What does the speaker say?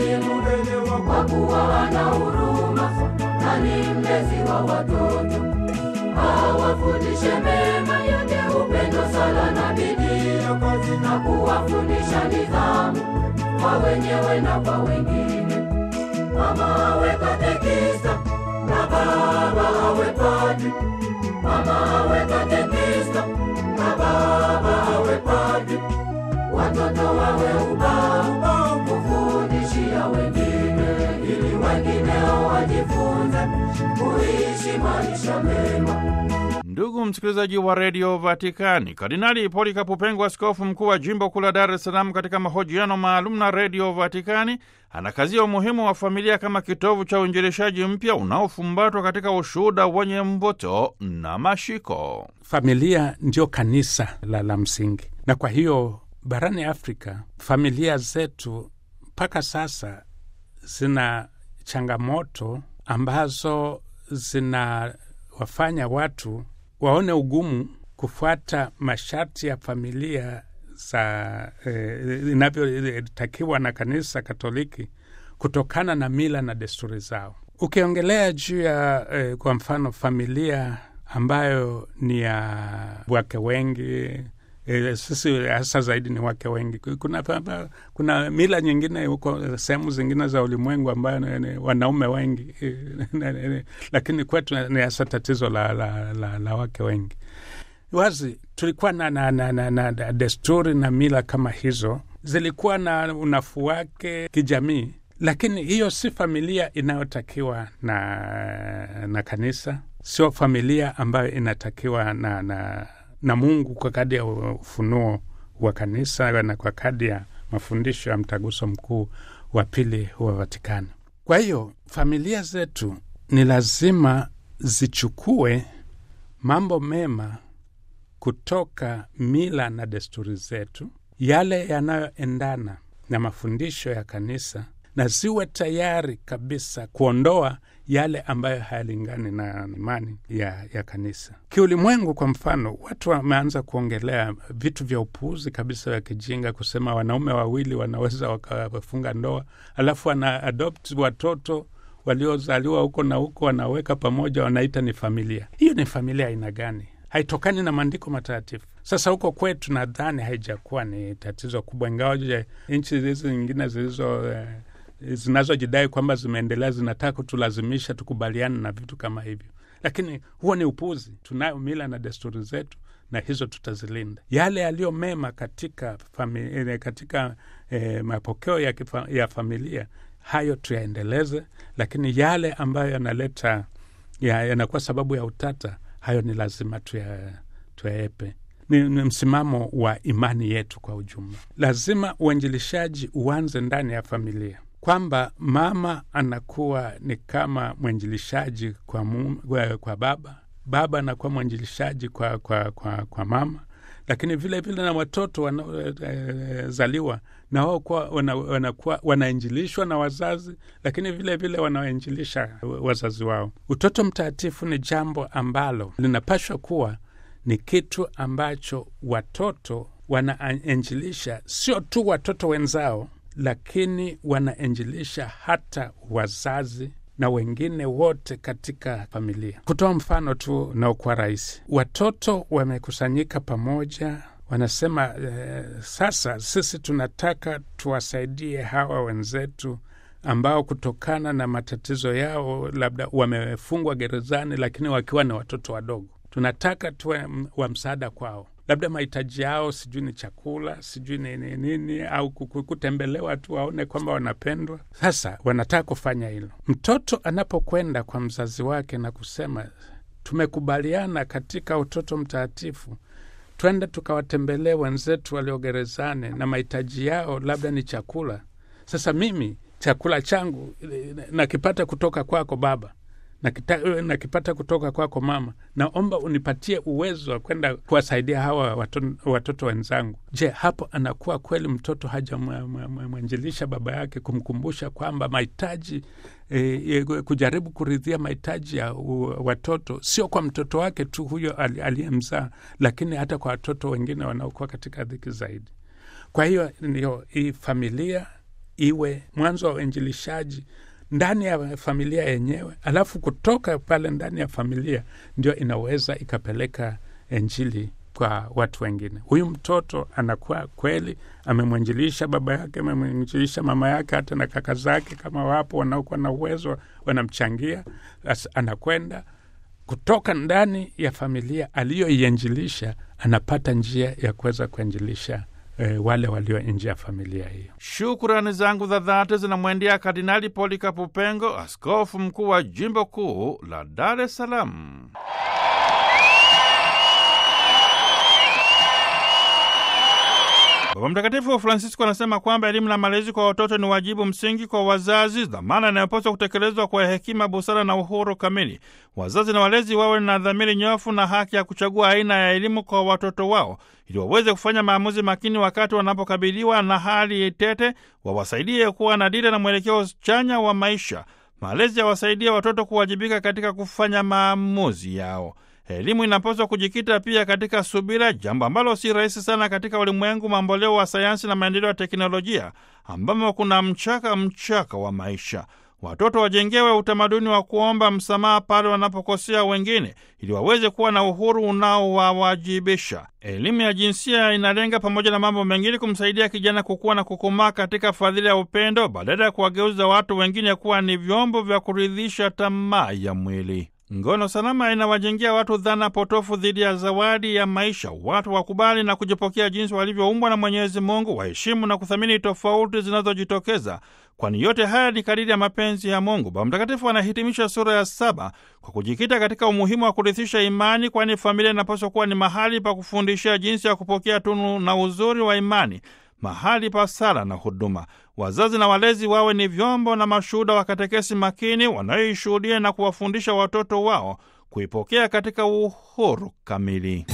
Mungu kwa kuwa wana huruma na ni mlezi wa watoto. Awafundishe mema yote, upendo, sala na bidii, na kuwafundisha nidhamu kwa wenyewe na kwa wengine. Mama awe katekista na baba awe padri. Mama awe katekista na baba awe padri, watoto wawe ubaba wengine, ili wajifunze kuishi maisha mema. Ndugu msikilizaji wa redio Vatikani, Kardinali Polikapu Pengo, askofu mkuu wa jimbo kuu la Dar es Salaam, katika mahojiano maalum na redio Vatikani, anakazia umuhimu wa familia kama kitovu cha uinjirishaji mpya unaofumbatwa katika ushuhuda wenye mvuto na mashiko. Familia ndiyo kanisa la la msingi, na kwa hiyo barani Afrika familia zetu mpaka sasa zina changamoto ambazo zinawafanya watu waone ugumu kufuata masharti ya familia za eh, inavyotakiwa na kanisa Katoliki kutokana na mila na desturi zao. Ukiongelea juu ya eh, kwa mfano familia ambayo ni ya wake wengi E, sisi hasa zaidi ni wake wengi. Kuna, kuna mila nyingine huko sehemu zingine za ulimwengu ambayo wanaume wengi lakini kwetu ni hasa tatizo la, la, la, la wake wengi. Wazi tulikuwa na, na, na, na, na desturi na mila kama hizo zilikuwa na unafuu wake kijamii, lakini hiyo si familia inayotakiwa na, na kanisa, sio familia ambayo inatakiwa na, na na Mungu kwa kadi ya ufunuo wa kanisa na kwa kadi ya mafundisho ya mtaguso mkuu wa pili wa Vatikani. Kwa hiyo familia zetu ni lazima zichukue mambo mema kutoka mila na desturi zetu, yale yanayoendana na mafundisho ya kanisa, na ziwe tayari kabisa kuondoa yale ambayo hayalingani na imani ya, ya kanisa. Kiulimwengu, kwa mfano, watu wameanza kuongelea vitu vya upuuzi kabisa vya kijinga, kusema wanaume wawili wanaweza wakafunga ndoa, alafu wana adopt watoto waliozaliwa huko na huko, wanaweka pamoja, wanaita ni familia. Hiyo ni familia aina gani? Haitokani na maandiko matakatifu. Sasa huko kwetu nadhani haijakuwa ni tatizo kubwa, ingawaje nchi hizi nyingine zilizo eh, zinazojidai kwamba zimeendelea zinataka kutulazimisha tukubaliane na vitu kama hivyo, lakini huo ni upuzi. Tunayo mila na desturi zetu na hizo tutazilinda. Yale yaliyo mema katika, familia, eh, katika eh, mapokeo ya, kifa, ya familia hayo tuyaendeleze, lakini yale ambayo yanaleta yanakuwa ya sababu ya utata, hayo ni lazima tuya, tuyaepe. Ni, ni msimamo wa imani yetu kwa ujumla. Lazima uinjilishaji uanze ndani ya familia kwamba mama anakuwa ni kama mwanjilishaji kwa, kwa, kwa baba, baba anakuwa mwanjilishaji kwa, kwa, kwa, kwa mama, lakini vile vile na watoto wanaozaliwa eh, eh, e, na wao wanakuwa wanainjilishwa na wazazi, lakini vile vile wanawainjilisha wazazi wao. Utoto mtakatifu ni jambo ambalo linapashwa kuwa ni kitu ambacho watoto wanainjilisha, sio tu watoto wenzao lakini wanaenjilisha hata wazazi na wengine wote katika familia. Kutoa mfano tu naokuwa rahisi, watoto wamekusanyika pamoja wanasema eh, sasa sisi tunataka tuwasaidie hawa wenzetu ambao kutokana na matatizo yao labda wamefungwa gerezani, lakini wakiwa na watoto wadogo, tunataka tuwe wa msaada kwao labda mahitaji yao, sijui ni chakula, sijui ni nini, nini au kutembelewa tu waone kwamba wanapendwa. Sasa wanataka kufanya hilo. Mtoto anapokwenda kwa mzazi wake na kusema tumekubaliana katika Utoto Mtakatifu twende tukawatembelee wenzetu waliogerezane na mahitaji yao labda ni chakula. Sasa mimi chakula changu eh, nakipata kutoka kwako Baba, nakipata kutoka kwako mama, naomba unipatie uwezo wa kwenda kuwasaidia hawa watoto, wenzangu. Je, hapo anakuwa kweli mtoto hajamwanjilisha baba yake kumkumbusha kwamba mahitaji E, kujaribu kuridhia mahitaji ya watoto sio kwa mtoto wake tu huyo aliyemzaa, lakini hata kwa watoto wengine wanaokuwa katika dhiki zaidi. Kwa hiyo ndio hii familia iwe mwanzo wa uinjilishaji ndani ya familia yenyewe, alafu kutoka pale ndani ya familia ndio inaweza ikapeleka Injili kwa watu wengine. Huyu mtoto anakuwa kweli amemwanjilisha baba yake, amemwanjilisha mama yake, hata na kaka zake kama wapo wanaokuwa na uwezo wanamchangia. Anakwenda kutoka ndani ya familia aliyoianjilisha, anapata njia ya kuweza kuanjilisha e, wale walio nje ya familia hiyo. Shukrani zangu za dhati zinamwendea Kardinali Polikapu Pengo, askofu mkuu wa jimbo kuu la Dar es Salaam. Mtakatifu Francisco anasema kwamba elimu na malezi kwa watoto ni wajibu msingi kwa wazazi, dhamana inayopaswa kutekelezwa kwa hekima, busara na uhuru kamili. Wazazi na walezi wawe na dhamiri nyofu na haki ya kuchagua aina ya elimu kwa watoto wao, ili waweze kufanya maamuzi makini wakati wanapokabiliwa na hali tete, wawasaidie kuwa na dira na mwelekeo chanya wa maisha. Malezi yawasaidia watoto kuwajibika katika kufanya maamuzi yao. Elimu inapaswa kujikita pia katika subira, jambo ambalo si rahisi sana katika ulimwengu mamboleo wa sayansi na maendeleo ya teknolojia, ambamo kuna mchaka mchaka wa maisha. Watoto wajengewe utamaduni wa kuomba msamaha pale wanapokosea wengine, ili waweze kuwa na uhuru unaowawajibisha. Elimu ya jinsia inalenga, pamoja na mambo mengine, kumsaidia kijana kukuwa na kukomaa katika fadhila ya upendo, badala ya kuwageuza watu wengine kuwa ni vyombo vya kuridhisha tamaa ya mwili. Ngono salama inawajengea watu dhana potofu dhidi ya zawadi ya maisha. Watu wakubali na kujipokea jinsi walivyoumbwa na Mwenyezi Mungu, waheshimu na kuthamini tofauti zinazojitokeza, kwani yote haya ni kadiri ya mapenzi ya Mungu. Baba Mtakatifu anahitimisha sura ya saba kwa kujikita katika umuhimu wa kurithisha imani, kwani familia inapaswa kuwa ni mahali pa kufundishia jinsi ya kupokea tunu na uzuri wa imani, mahali pa sala na huduma. Wazazi na walezi wawe ni vyombo na mashuhuda wa katekesi makini wanayoishuhudia na kuwafundisha watoto wao kuipokea katika uhuru kamili.